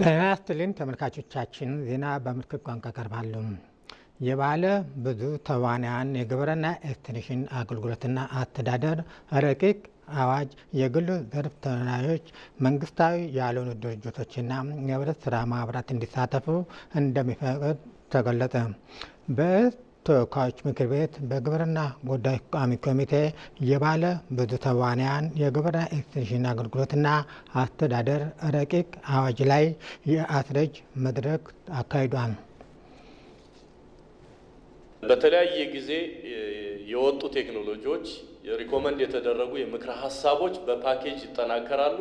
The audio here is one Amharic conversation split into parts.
ጤና ይስጥልን ተመልካቾቻችን፣ ዜና በምልክት ቋንቋ ቀርባሉ። የባለ ብዙ ተዋንያን የግብርና ኤክስቴንሽን አገልግሎትና አስተዳደር ረቂቅ አዋጅ የግሉ ዘርፍ ተዋናዮች መንግስታዊ ያልሆኑ ድርጅቶችና የህብረት ስራ ማህበራት እንዲሳተፉ እንደሚፈቅድ ተገለጸ። በህዝብ ተወካዮች ምክር ቤት በግብርና ጉዳይ ቋሚ ኮሚቴ የባለ ብዙ ተዋንያን የግብርና ኤክስቴንሽን አገልግሎትና አስተዳደር ረቂቅ አዋጅ ላይ የአስረጅ መድረክ አካሂዷል። በተለያየ ጊዜ የወጡ ቴክኖሎጂዎች ሪኮመንድ የተደረጉ የምክረ ሀሳቦች በፓኬጅ ይጠናከራሉ።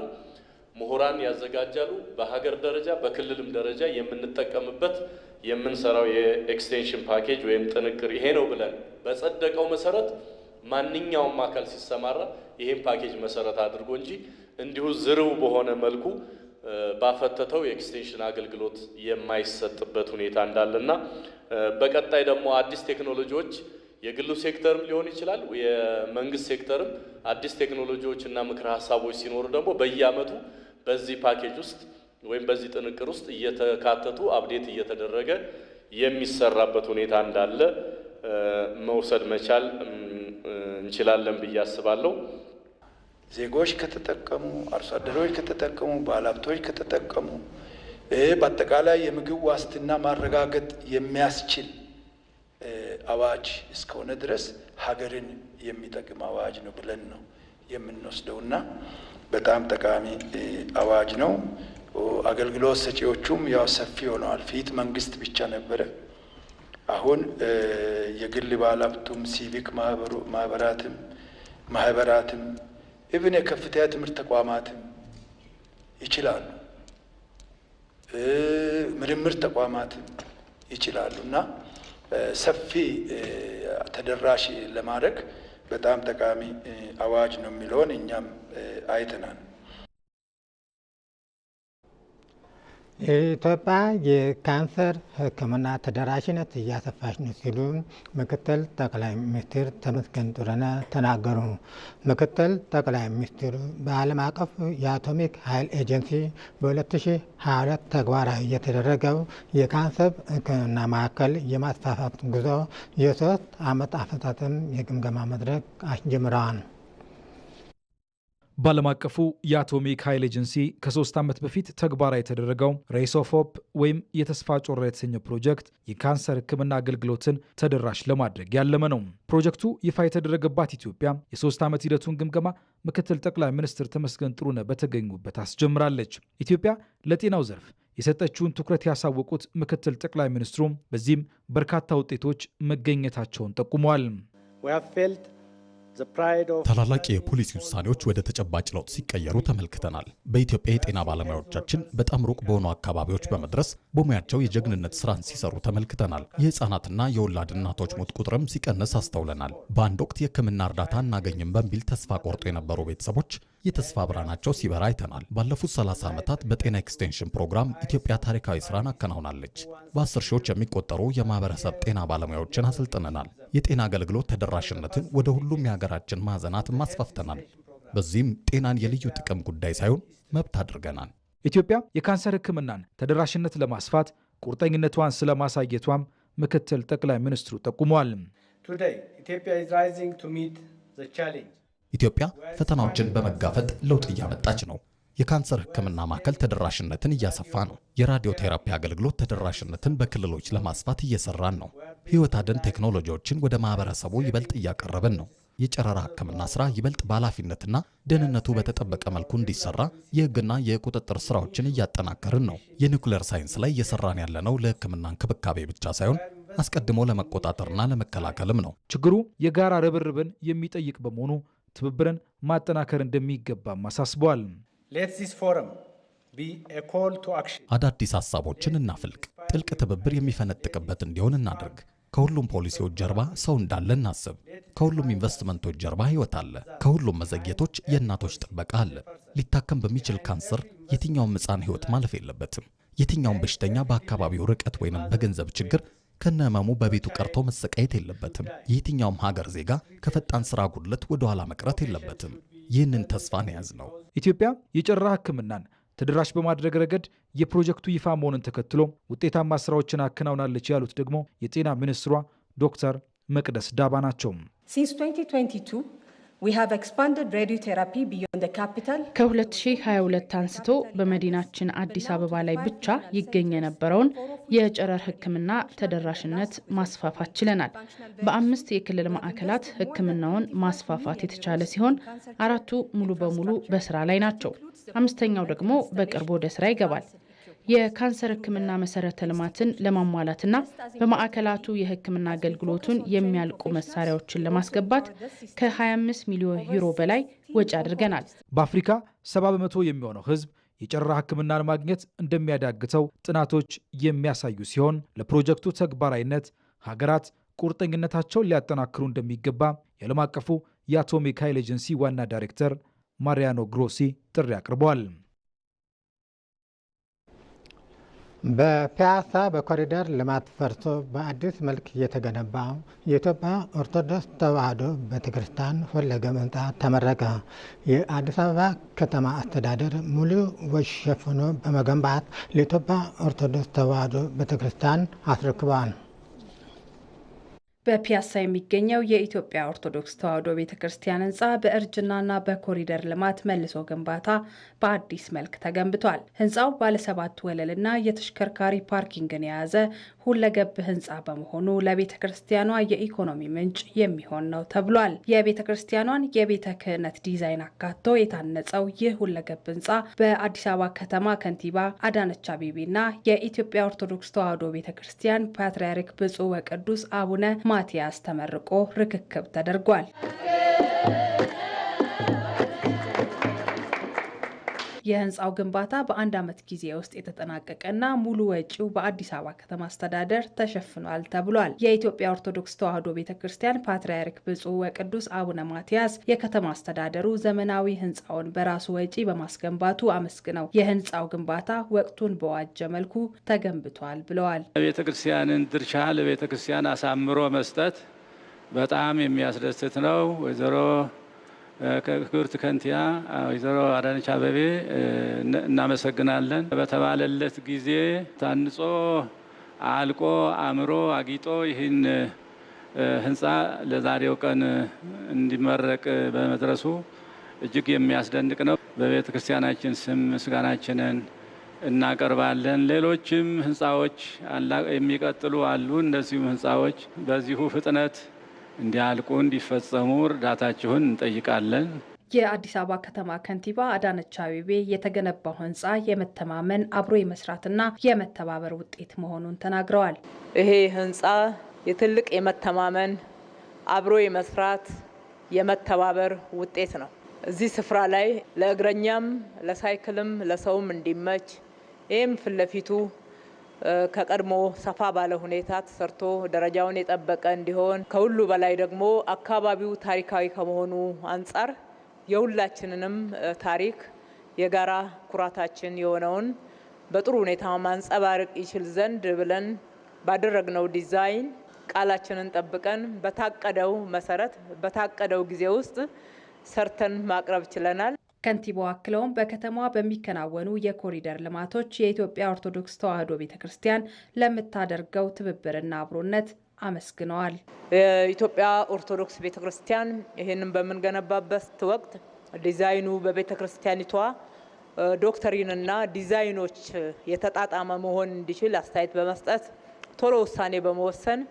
ምሁራን ያዘጋጃሉ። በሀገር ደረጃ በክልልም ደረጃ የምንጠቀምበት የምንሰራው የኤክስቴንሽን ፓኬጅ ወይም ጥንቅር ይሄ ነው ብለን በጸደቀው መሰረት ማንኛውም አካል ሲሰማራ ይሄን ፓኬጅ መሰረት አድርጎ እንጂ እንዲሁ ዝርው በሆነ መልኩ ባፈተተው የኤክስቴንሽን አገልግሎት የማይሰጥበት ሁኔታ እንዳለና በቀጣይ ደግሞ አዲስ ቴክኖሎጂዎች የግሉ ሴክተርም ሊሆን ይችላል፣ የመንግስት ሴክተርም አዲስ ቴክኖሎጂዎች እና ምክረ ሀሳቦች ሲኖሩ ደግሞ በየአመቱ ። በዚህ ፓኬጅ ውስጥ ወይም በዚህ ጥንቅር ውስጥ እየተካተቱ አብዴት እየተደረገ የሚሰራበት ሁኔታ እንዳለ መውሰድ መቻል እንችላለን ብዬ አስባለሁ። ዜጎች ከተጠቀሙ፣ አርሶ አደሮች ከተጠቀሙ፣ ባለሀብቶች ከተጠቀሙ በአጠቃላይ የምግብ ዋስትና ማረጋገጥ የሚያስችል አዋጅ እስከሆነ ድረስ ሀገርን የሚጠቅም አዋጅ ነው ብለን ነው የምንወስደውና በጣም ጠቃሚ አዋጅ ነው። አገልግሎት ሰጪዎቹም ያው ሰፊ ሆነዋል። ፊት መንግስት ብቻ ነበረ። አሁን የግል ባለሀብቱም፣ ሲቪክ ማህበራትም ማህበራትም እብን የከፍተኛ ትምህርት ተቋማትም ይችላሉ፣ ምርምር ተቋማትም ይችላሉ እና ሰፊ ተደራሽ ለማድረግ በጣም ጠቃሚ አዋጅ ነው የሚለውን እኛም አይተናል። የኢትዮጵያ የካንሰር ሕክምና ተደራሽነት እያሰፋች ነው ሲሉ ምክትል ጠቅላይ ሚኒስትር ተመስገን ጥሩነህ ተናገሩ። ምክትል ጠቅላይ ሚኒስትሩ በዓለም አቀፍ የአቶሚክ ኃይል ኤጀንሲ በ2022 ተግባራዊ የተደረገው የካንሰር ሕክምና ማዕከል የማስፋፋት ጉዞ የሶስት ዓመት አፈጻጸም የግምገማ መድረክ አስጀምረዋል። በዓለም አቀፉ የአቶሚክ ኃይል ኤጀንሲ ከሶስት ዓመት በፊት ተግባራዊ የተደረገው ሬስ ኦፍ ሆፕ ወይም የተስፋ ጮራ የተሰኘ ፕሮጀክት የካንሰር ሕክምና አገልግሎትን ተደራሽ ለማድረግ ያለመ ነው። ፕሮጀክቱ ይፋ የተደረገባት ኢትዮጵያ የሶስት ዓመት ሂደቱን ግምገማ ምክትል ጠቅላይ ሚኒስትር ተመስገን ጥሩነህ በተገኙበት አስጀምራለች። ኢትዮጵያ ለጤናው ዘርፍ የሰጠችውን ትኩረት ያሳወቁት ምክትል ጠቅላይ ሚኒስትሩም በዚህም በርካታ ውጤቶች መገኘታቸውን ጠቁመዋል። ታላላቅ የፖሊሲ ውሳኔዎች ወደ ተጨባጭ ለውጥ ሲቀየሩ ተመልክተናል። በኢትዮጵያ የጤና ባለሙያዎቻችን በጣም ሩቅ በሆኑ አካባቢዎች በመድረስ በሙያቸው የጀግንነት ስራን ሲሰሩ ተመልክተናል። የህፃናትና የወላድ እናቶች ሞት ቁጥርም ሲቀንስ አስተውለናል። በአንድ ወቅት የህክምና እርዳታ አናገኝም በሚል ተስፋ ቆርጦ የነበሩ ቤተሰቦች የተስፋ ብርሃናቸው ሲበራ አይተናል። ባለፉት 30 ዓመታት በጤና ኤክስቴንሽን ፕሮግራም ኢትዮጵያ ታሪካዊ ስራን አከናውናለች። በአስር ሺዎች የሚቆጠሩ የማህበረሰብ ጤና ባለሙያዎችን አሰልጥነናል። የጤና አገልግሎት ተደራሽነትን ወደ ሁሉም የሀገራችን ማዕዘናት ማስፋፍተናል። በዚህም ጤናን የልዩ ጥቅም ጉዳይ ሳይሆን መብት አድርገናል። ኢትዮጵያ የካንሰር ሕክምናን ተደራሽነት ለማስፋት ቁርጠኝነቷን ስለማሳየቷም ምክትል ጠቅላይ ሚኒስትሩ ጠቁመዋል። ኢትዮጵያ ፈተናዎችን በመጋፈጥ ለውጥ እያመጣች ነው። የካንሰር ሕክምና ማዕከል ተደራሽነትን እያሰፋ ነው። የራዲዮ ቴራፒ አገልግሎት ተደራሽነትን በክልሎች ለማስፋት እየሰራን ነው። ሕይወት አድን ቴክኖሎጂዎችን ወደ ማህበረሰቡ ይበልጥ እያቀረብን ነው። የጨረራ ሕክምና ስራ ይበልጥ በኃላፊነትና ደህንነቱ በተጠበቀ መልኩ እንዲሰራ የህግና የቁጥጥር ስራዎችን እያጠናከርን ነው። የኒውክሌር ሳይንስ ላይ እየሰራን ያለነው ለሕክምና እንክብካቤ ብቻ ሳይሆን አስቀድሞ ለመቆጣጠርና ለመከላከልም ነው። ችግሩ የጋራ ርብርብን የሚጠይቅ በመሆኑ ትብብርን ማጠናከር እንደሚገባም አሳስበዋል። አዳዲስ ሀሳቦችን እናፍልቅ። ጥልቅ ትብብር የሚፈነጥቅበት እንዲሆን እናድርግ። ከሁሉም ፖሊሲዎች ጀርባ ሰው እንዳለ እናስብ። ከሁሉም ኢንቨስትመንቶች ጀርባ ህይወት አለ። ከሁሉም መዘግየቶች የእናቶች ጥበቃ አለ። ሊታከም በሚችል ካንሰር የትኛውም ሕፃን ህይወት ማለፍ የለበትም። የትኛውም በሽተኛ በአካባቢው ርቀት ወይንም በገንዘብ ችግር ከነህመሙ በቤቱ ቀርቶ መሰቃየት የለበትም። የየትኛውም ሀገር ዜጋ ከፈጣን ስራ ጉድለት ወደኋላ መቅረት የለበትም። ይህንን ተስፋን የያዝ ነው። ኢትዮጵያ የጨራ ህክምናን ተደራሽ በማድረግ ረገድ የፕሮጀክቱ ይፋ መሆንን ተከትሎ ውጤታማ ስራዎችን አከናውናለች ያሉት ደግሞ የጤና ሚኒስትሯ ዶክተር መቅደስ ዳባ ናቸው። ከ2022 አንስቶ በመዲናችን አዲስ አበባ ላይ ብቻ ይገኝ የነበረውን የጨረር ሕክምና ተደራሽነት ማስፋፋት ችለናል። በአምስት የክልል ማዕከላት ሕክምናውን ማስፋፋት የተቻለ ሲሆን አራቱ ሙሉ በሙሉ በስራ ላይ ናቸው። አምስተኛው ደግሞ በቅርቡ ወደ ስራ ይገባል። የካንሰር ህክምና መሰረተ ልማትን ለማሟላትና በማዕከላቱ የህክምና አገልግሎቱን የሚያልቁ መሳሪያዎችን ለማስገባት ከ25 ሚሊዮን ዩሮ በላይ ወጪ አድርገናል። በአፍሪካ 70 በመቶ የሚሆነው ህዝብ የጨረራ ህክምናን ለማግኘት እንደሚያዳግተው ጥናቶች የሚያሳዩ ሲሆን ለፕሮጀክቱ ተግባራዊነት ሀገራት ቁርጠኝነታቸውን ሊያጠናክሩ እንደሚገባ የዓለም አቀፉ የአቶሚክ ኃይል ኤጀንሲ ዋና ዳይሬክተር ማሪያኖ ግሮሲ ጥሪ አቅርበዋል። በፒያሳ በኮሪደር ልማት ፈርሶ በአዲስ መልክ የተገነባው የኢትዮጵያ ኦርቶዶክስ ተዋሕዶ ቤተክርስቲያን ፈለገ ህንፃ ተመረቀ። የአዲስ አበባ ከተማ አስተዳደር ሙሉ ወጪ ሸፍኖ በመገንባት ለኢትዮጵያ ኦርቶዶክስ ተዋሕዶ ቤተክርስቲያን አስረክበዋል። በፒያሳ የሚገኘው የኢትዮጵያ ኦርቶዶክስ ተዋሕዶ ቤተ ክርስቲያን ህንፃ በእርጅናና በኮሪደር ልማት መልሶ ግንባታ በአዲስ መልክ ተገንብቷል። ህንፃው ባለሰባት ወለልና የተሽከርካሪ ፓርኪንግን የያዘ ሁለገብ ህንፃ በመሆኑ ለቤተ ክርስቲያኗ የኢኮኖሚ ምንጭ የሚሆን ነው ተብሏል። የቤተ ክርስቲያኗን የቤተ ክህነት ዲዛይን አካቶ የታነጸው ይህ ሁለገብ ህንፃ በአዲስ አበባ ከተማ ከንቲባ አዳነች አቤቤና የኢትዮጵያ ኦርቶዶክስ ተዋሕዶ ቤተ ክርስቲያን ፓትርያርክ ብፁዕ ወቅዱስ አቡነ ማትያስ ተመርቆ ርክክብ ተደርጓል። የህንፃው ግንባታ በአንድ ዓመት ጊዜ ውስጥ የተጠናቀቀና ሙሉ ወጪው በአዲስ አበባ ከተማ አስተዳደር ተሸፍኗል ተብሏል። የኢትዮጵያ ኦርቶዶክስ ተዋሕዶ ቤተ ክርስቲያን ፓትርያርክ ብፁዕ ወቅዱስ አቡነ ማትያስ የከተማ አስተዳደሩ ዘመናዊ ህንፃውን በራሱ ወጪ በማስገንባቱ አመስግነው የህንፃው ግንባታ ወቅቱን በዋጀ መልኩ ተገንብቷል ብለዋል። ቤተ ክርስቲያንን ድርሻ ለቤተ ክርስቲያን አሳምሮ መስጠት በጣም የሚያስደስት ነው። ወይዘሮ ክብርት ከንቲያ ወይዘሮ አዳነች አበቤ እናመሰግናለን። በተባለለት ጊዜ ታንጾ አልቆ አምሮ አጊጦ ይህን ህንፃ ለዛሬው ቀን እንዲመረቅ በመድረሱ እጅግ የሚያስደንቅ ነው። በቤተ ክርስቲያናችን ስም ምስጋናችንን እናቀርባለን። ሌሎችም ህንፃዎች የሚቀጥሉ አሉ። እንደዚሁም ህንፃዎች በዚሁ ፍጥነት እንዲያልቁ እንዲፈጸሙ እርዳታችሁን እንጠይቃለን። የአዲስ አበባ ከተማ ከንቲባ አዳነች አቤቤ የተገነባው ህንፃ የመተማመን አብሮ የመስራትና የመተባበር ውጤት መሆኑን ተናግረዋል። ይሄ ህንፃ የትልቅ የመተማመን አብሮ የመስራት የመተባበር ውጤት ነው። እዚህ ስፍራ ላይ ለእግረኛም ለሳይክልም ለሰውም እንዲመች ይህም ፊት ለፊቱ ከቀድሞ ሰፋ ባለ ሁኔታ ተሰርቶ ደረጃውን የጠበቀ እንዲሆን ከሁሉ በላይ ደግሞ አካባቢው ታሪካዊ ከመሆኑ አንጻር የሁላችንንም ታሪክ የጋራ ኩራታችን የሆነውን በጥሩ ሁኔታ ማንጸባረቅ ይችል ዘንድ ብለን ባደረግነው ዲዛይን ቃላችንን ጠብቀን በታቀደው መሰረት በታቀደው ጊዜ ውስጥ ሰርተን ማቅረብ ችለናል። ከንቲባው አክለውም በከተማዋ በሚከናወኑ የኮሪደር ልማቶች የኢትዮጵያ ኦርቶዶክስ ተዋሕዶ ቤተ ክርስቲያን ለምታደርገው ትብብርና አብሮነት አመስግነዋል። የኢትዮጵያ ኦርቶዶክስ ቤተ ክርስቲያን ይህንን በምንገነባበት ወቅት ዲዛይኑ በቤተ ክርስቲያኒቷ ዶክተሪንና ዲዛይኖች የተጣጣመ መሆን እንዲችል አስተያየት በመስጠት ቶሎ ውሳኔ በመወሰን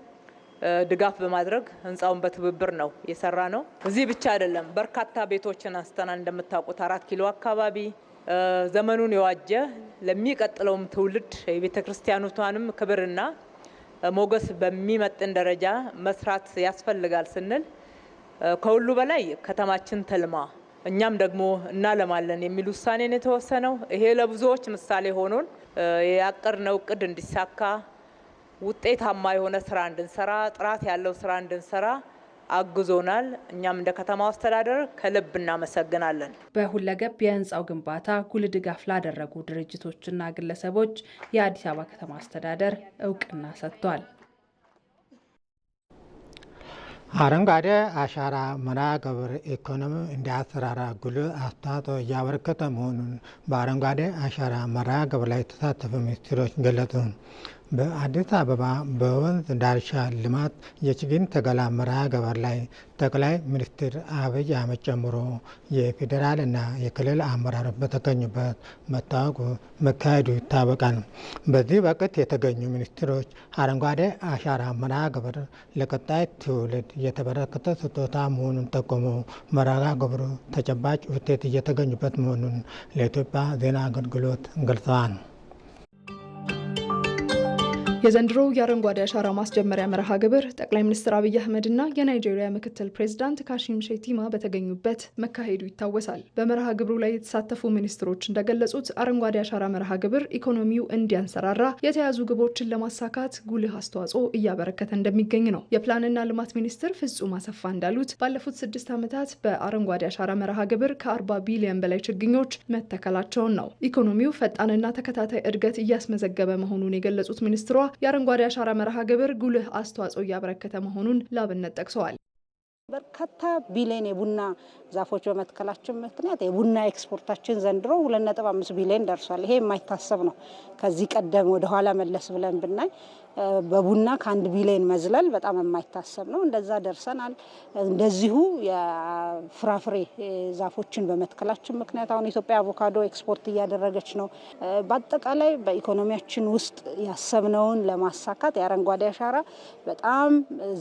ድጋፍ በማድረግ ህንፃውን በትብብር ነው የሰራ ነው። እዚህ ብቻ አይደለም፣ በርካታ ቤቶችን አስተና እንደምታውቁት አራት ኪሎ አካባቢ ዘመኑን የዋጀ ለሚቀጥለውም ትውልድ የቤተ ክርስቲያኖቷንም ክብርና ሞገስ በሚመጥን ደረጃ መስራት ያስፈልጋል ስንል ከሁሉ በላይ ከተማችን ተልማ እኛም ደግሞ እናለማለን የሚል ውሳኔን የተወሰነው። ይሄ ለብዙዎች ምሳሌ ሆኖን ያቀድነው እቅድ እንዲሳካ ውጤታማ የሆነ ስራ እንድንሰራ ጥራት ያለው ስራ እንድንሰራ አግዞናል። እኛም እንደ ከተማ አስተዳደር ከልብ እናመሰግናለን። በሁለገብ የህንፃው ግንባታ ጉልህ ድጋፍ ላደረጉ ድርጅቶችና ግለሰቦች የአዲስ አበባ ከተማ አስተዳደር እውቅና ሰጥቷል። አረንጓዴ አሻራ መራ ግብር ኢኮኖሚ እንዲያሰራራ ጉልህ አስተዋጽኦ እያበረከተ መሆኑን በአረንጓዴ አሻራ መራ ግብር ላይ የተሳተፉ ሚኒስትሮች ገለጹ። በአዲስ አበባ በወንዝ ዳርቻ ልማት የችግኝ ተከላ መርሃ ግብር ላይ ጠቅላይ ሚኒስትር አብይ አህመድ ጨምሮ የፌዴራልና የክልል አመራር በተገኙበት መታወቁ መካሄዱ ይታወቃል። በዚህ ወቅት የተገኙ ሚኒስትሮች አረንጓዴ አሻራ መርሃ ግብር ለቀጣይ ትውልድ የተበረከተ ስጦታ መሆኑን ጠቁመው መርሃ ግብሩ ተጨባጭ ውጤት እየተገኙበት መሆኑን ለኢትዮጵያ ዜና አገልግሎት ገልጸዋል። የዘንድሮው የአረንጓዴ አሻራ ማስጀመሪያ መርሃ ግብር ጠቅላይ ሚኒስትር አብይ አህመድ እና የናይጄሪያ ምክትል ፕሬዚዳንት ካሺም ሼቲማ በተገኙበት መካሄዱ ይታወሳል። በመርሃ ግብሩ ላይ የተሳተፉ ሚኒስትሮች እንደገለጹት አረንጓዴ አሻራ መርሃ ግብር ኢኮኖሚው እንዲያንሰራራ የተያዙ ግቦችን ለማሳካት ጉልህ አስተዋጽኦ እያበረከተ እንደሚገኝ ነው። የፕላንና ልማት ሚኒስትር ፍጹም አሰፋ እንዳሉት ባለፉት ስድስት ዓመታት በአረንጓዴ አሻራ መርሃ ግብር ከ40 ቢሊዮን በላይ ችግኞች መተከላቸውን ነው። ኢኮኖሚው ፈጣንና ተከታታይ እድገት እያስመዘገበ መሆኑን የገለጹት ሚኒስትሯ የአረንጓዴ አሻራ መርሃ ግብር ጉልህ አስተዋጽኦ እያበረከተ መሆኑን ላብነት ጠቅሰዋል። በርካታ ቢሊዮን የቡና ዛፎች በመትከላችን ምክንያት የቡና ኤክስፖርታችን ዘንድሮ 2.5 ቢሊዮን ደርሷል። ይሄ የማይታሰብ ነው። ከዚህ ቀደም ወደኋላ መለስ ብለን ብናይ በቡና ከአንድ ቢሊዮን መዝለል በጣም የማይታሰብ ነው። እንደዛ ደርሰናል። እንደዚሁ የፍራፍሬ ዛፎችን በመትከላችን ምክንያት አሁን ኢትዮጵያ አቮካዶ ኤክስፖርት እያደረገች ነው። በአጠቃላይ በኢኮኖሚያችን ውስጥ ያሰብነውን ለማሳካት የአረንጓዴ አሻራ በጣም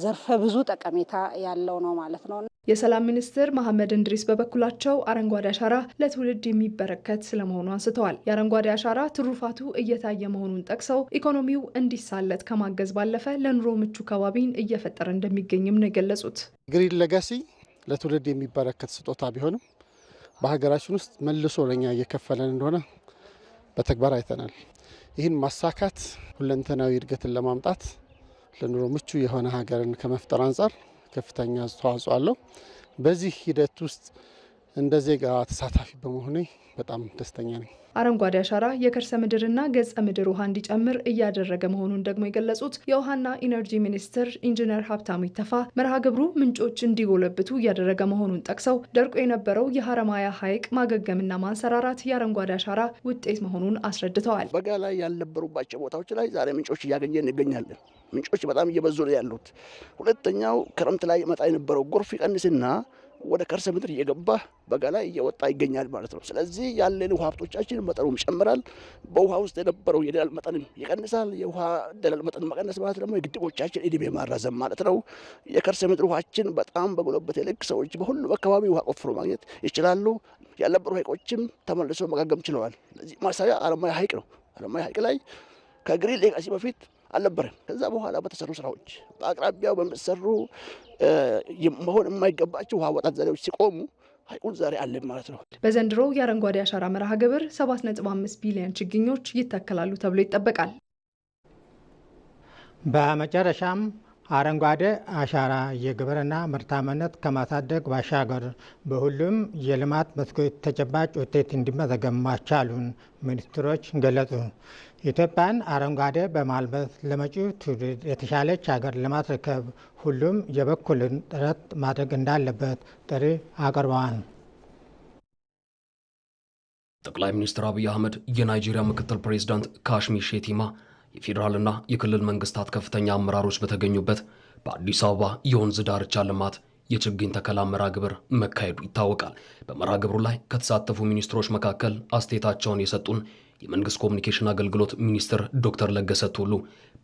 ዘርፈ ብዙ ጠቀሜታ ያለው ነው ማለት ነው። የሰላም ሚኒስትር መሐመድ እንድሪስ በበኩላቸው አረንጓዴ አሻራ ለትውልድ የሚበረከት ስለመሆኑ አንስተዋል። የአረንጓዴ አሻራ ትሩፋቱ እየታየ መሆኑን ጠቅሰው ኢኮኖሚው እንዲሳለት ከማገዝ ባለፈ ለኑሮ ምቹ ከባቢን እየፈጠረ እንደሚገኝም ነው የገለጹት። ግሪን ለጋሲ ለትውልድ የሚበረከት ስጦታ ቢሆንም በሀገራችን ውስጥ መልሶ ለኛ እየከፈለን እንደሆነ በተግባር አይተናል። ይህን ማሳካት ሁለንተናዊ እድገትን ለማምጣት ለኑሮ ምቹ የሆነ ሀገርን ከመፍጠር አንጻር ከፍተኛ አስተዋጽኦ አለው። በዚህ ሂደት ውስጥ እንደ ዜጋ ተሳታፊ በመሆኔ በጣም ደስተኛ ነኝ። አረንጓዴ አሻራ የከርሰ ምድርና ገጸ ምድር ውሃ እንዲጨምር እያደረገ መሆኑን ደግሞ የገለጹት የውሃና ኢነርጂ ሚኒስትር ኢንጂነር ሀብታሙ ይተፋ መርሃ ግብሩ ምንጮች እንዲጎለብቱ እያደረገ መሆኑን ጠቅሰው ደርቆ የነበረው የሀረማያ ሐይቅ ማገገምና ማንሰራራት የአረንጓዴ አሻራ ውጤት መሆኑን አስረድተዋል። በጋ ላይ ያልነበሩባቸው ቦታዎች ላይ ዛሬ ምንጮች እያገኘ እንገኛለን። ምንጮች በጣም እየበዙ ነው ያሉት። ሁለተኛው ክረምት ላይ መጣ የነበረው ጎርፍ ይቀንስና ወደ ከርሰ ምድር እየገባ በጋ ላይ እየወጣ ይገኛል ማለት ነው። ስለዚህ ያለን ውሃ ሀብቶቻችን መጠኑም ይጨምራል። በውሃ ውስጥ የነበረው የደለል መጠንም ይቀንሳል። የውሃ ደለል መጠን መቀነስ ማለት ደግሞ የግድቦቻችን እድሜ ማራዘም ማለት ነው። የከርሰ ምድር ውሃችን በጣም በጎለበት ልክ ሰዎች በሁሉም አካባቢ ውሃ ቆፍሮ ማግኘት ይችላሉ። ያልነበሩ ሀይቆችም ተመልሶ መጋገም ችለዋል። ለዚህ ማሳያ አለማያ ሀይቅ ነው። አለማያ ሀይቅ ላይ ከግሪን ሌጋሲ በፊት አልነበረም። ከዛ በኋላ በተሰሩ ስራዎች በአቅራቢያው በሚሰሩ መሆን የማይገባቸው ውሃ ወጣት ዘዴዎች ሲቆሙ ሀይቁን ዛሬ አለን ማለት ነው። በዘንድሮ የአረንጓዴ አሻራ መርሃ ግብር 7.5 ቢሊዮን ችግኞች ይተከላሉ ተብሎ ይጠበቃል። በመጨረሻም አረንጓዴ አሻራ የግብርና ምርታማነት ከማሳደግ ባሻገር በሁሉም የልማት መስኮች ተጨባጭ ውጤት እንዲመዘገብ ማስቻሉን ሚኒስትሮች ገለጹ። ኢትዮጵያን አረንጓዴ በማልበት ለመጪው ትውልድ የተሻለች ሀገር ለማስረከብ ሁሉም የበኩልን ጥረት ማድረግ እንዳለበት ጥሪ አቅርበዋል። ጠቅላይ ሚኒስትር አብይ አህመድ የናይጄሪያ ምክትል ፕሬዚዳንት ካሽሚ ሼቲማ የፌዴራልና የክልል መንግስታት ከፍተኛ አመራሮች በተገኙበት በአዲስ አበባ የወንዝ ዳርቻ ልማት የችግኝ ተከላ መርሃ ግብር መካሄዱ ይታወቃል። በመርሃ ግብሩ ላይ ከተሳተፉ ሚኒስትሮች መካከል አስተያየታቸውን የሰጡን የመንግስት ኮሚኒኬሽን አገልግሎት ሚኒስትር ዶክተር ለገሰ ቱሉ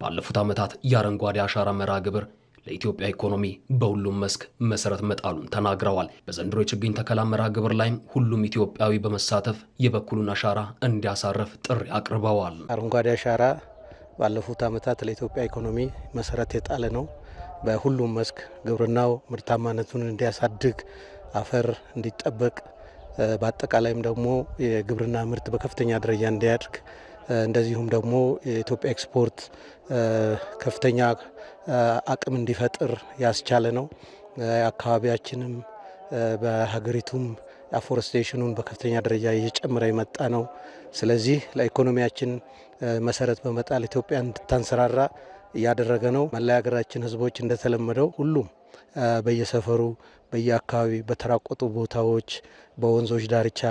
ባለፉት ዓመታት የአረንጓዴ አሻራ መርሃ ግብር ለኢትዮጵያ ኢኮኖሚ በሁሉም መስክ መሰረት መጣሉን ተናግረዋል። በዘንድሮ የችግኝ ተከላ መርሃ ግብር ላይም ሁሉም ኢትዮጵያዊ በመሳተፍ የበኩሉን አሻራ እንዲያሳረፍ ጥሪ አቅርበዋል። አረንጓዴ አሻራ ባለፉት ዓመታት ለኢትዮጵያ ኢኮኖሚ መሰረት የጣለ ነው። በሁሉም መስክ ግብርናው ምርታማነቱን እንዲያሳድግ፣ አፈር እንዲጠበቅ በአጠቃላይም ደግሞ የግብርና ምርት በከፍተኛ ደረጃ እንዲያድግ እንደዚሁም ደግሞ የኢትዮጵያ ኤክስፖርት ከፍተኛ አቅም እንዲፈጥር ያስቻለ ነው። አካባቢያችንም በሀገሪቱም አፎረስቴሽኑን በከፍተኛ ደረጃ እየጨመረ የመጣ ነው። ስለዚህ ለኢኮኖሚያችን መሰረት በመጣል ኢትዮጵያ እንድታንሰራራ እያደረገ ነው። መላ የሀገራችን እንደተለመደው ሁሉም በየሰፈሩ በየአካባቢ በተራቆጡ ቦታዎች በወንዞች ዳርቻ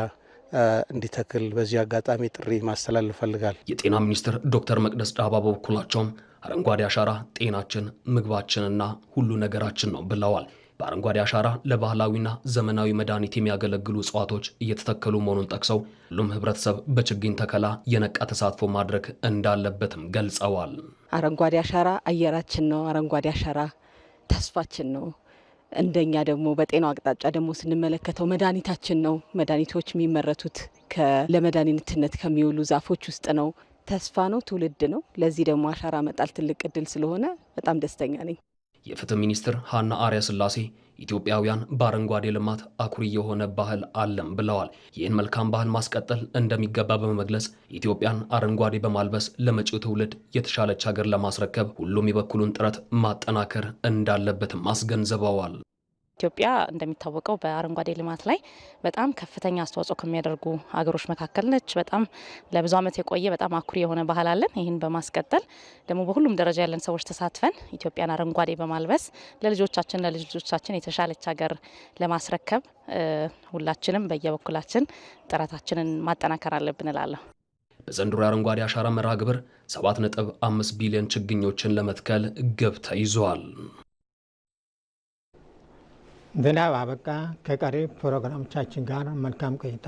እንዲተክል በዚህ አጋጣሚ ጥሪ ማስተላለፍ ፈልጋል። የጤና ሚኒስትር ዶክተር መቅደስ ዳባ በበኩላቸውም አረንጓዴ አሻራ ጤናችን ምግባችንና ሁሉ ነገራችን ነው ብለዋል። በአረንጓዴ አሻራ ለባህላዊና ዘመናዊ መድኃኒት የሚያገለግሉ እጽዋቶች እየተተከሉ መሆኑን ጠቅሰው ሁሉም ህብረተሰብ በችግኝ ተከላ የነቃ ተሳትፎ ማድረግ እንዳለበትም ገልጸዋል። አረንጓዴ አሻራ አየራችን ነው። አረንጓዴ አሻራ ተስፋችን ነው። እንደኛ ደግሞ በጤናው አቅጣጫ ደግሞ ስንመለከተው መድኃኒታችን ነው። መድኃኒቶች የሚመረቱት ለመድኃኒትነት ከሚውሉ ዛፎች ውስጥ ነው። ተስፋ ነው፣ ትውልድ ነው። ለዚህ ደግሞ አሻራ መጣል ትልቅ እድል ስለሆነ በጣም ደስተኛ ነኝ። የፍትህ ሚኒስትር ሀና አርያ ስላሴ ኢትዮጵያውያን በአረንጓዴ ልማት አኩሪ የሆነ ባህል አለም ብለዋል። ይህን መልካም ባህል ማስቀጠል እንደሚገባ በመግለጽ ኢትዮጵያን አረንጓዴ በማልበስ ለመጪው ትውልድ የተሻለች ሀገር ለማስረከብ ሁሉም የበኩሉን ጥረት ማጠናከር እንዳለበትም አስገንዝበዋል። ኢትዮጵያ እንደሚታወቀው በአረንጓዴ ልማት ላይ በጣም ከፍተኛ አስተዋጽኦ ከሚያደርጉ ሀገሮች መካከል ነች። በጣም ለብዙ ዓመት የቆየ በጣም አኩሪ የሆነ ባህል አለን። ይህን በማስቀጠል ደግሞ በሁሉም ደረጃ ያለን ሰዎች ተሳትፈን ኢትዮጵያን አረንጓዴ በማልበስ ለልጆቻችን ለልጅ ልጆቻችን የተሻለች ሀገር ለማስረከብ ሁላችንም በየበኩላችን ጥረታችንን ማጠናከር አለብን እላለሁ። በዘንድሮ የአረንጓዴ አሻራ መርሃ ግብር 7.5 ቢሊዮን ችግኞችን ለመትከል ግብ ተይዟል። ዝናብ አበቃ። ከቀሪ ፕሮግራሞቻችን ጋር መልካም ቆይታ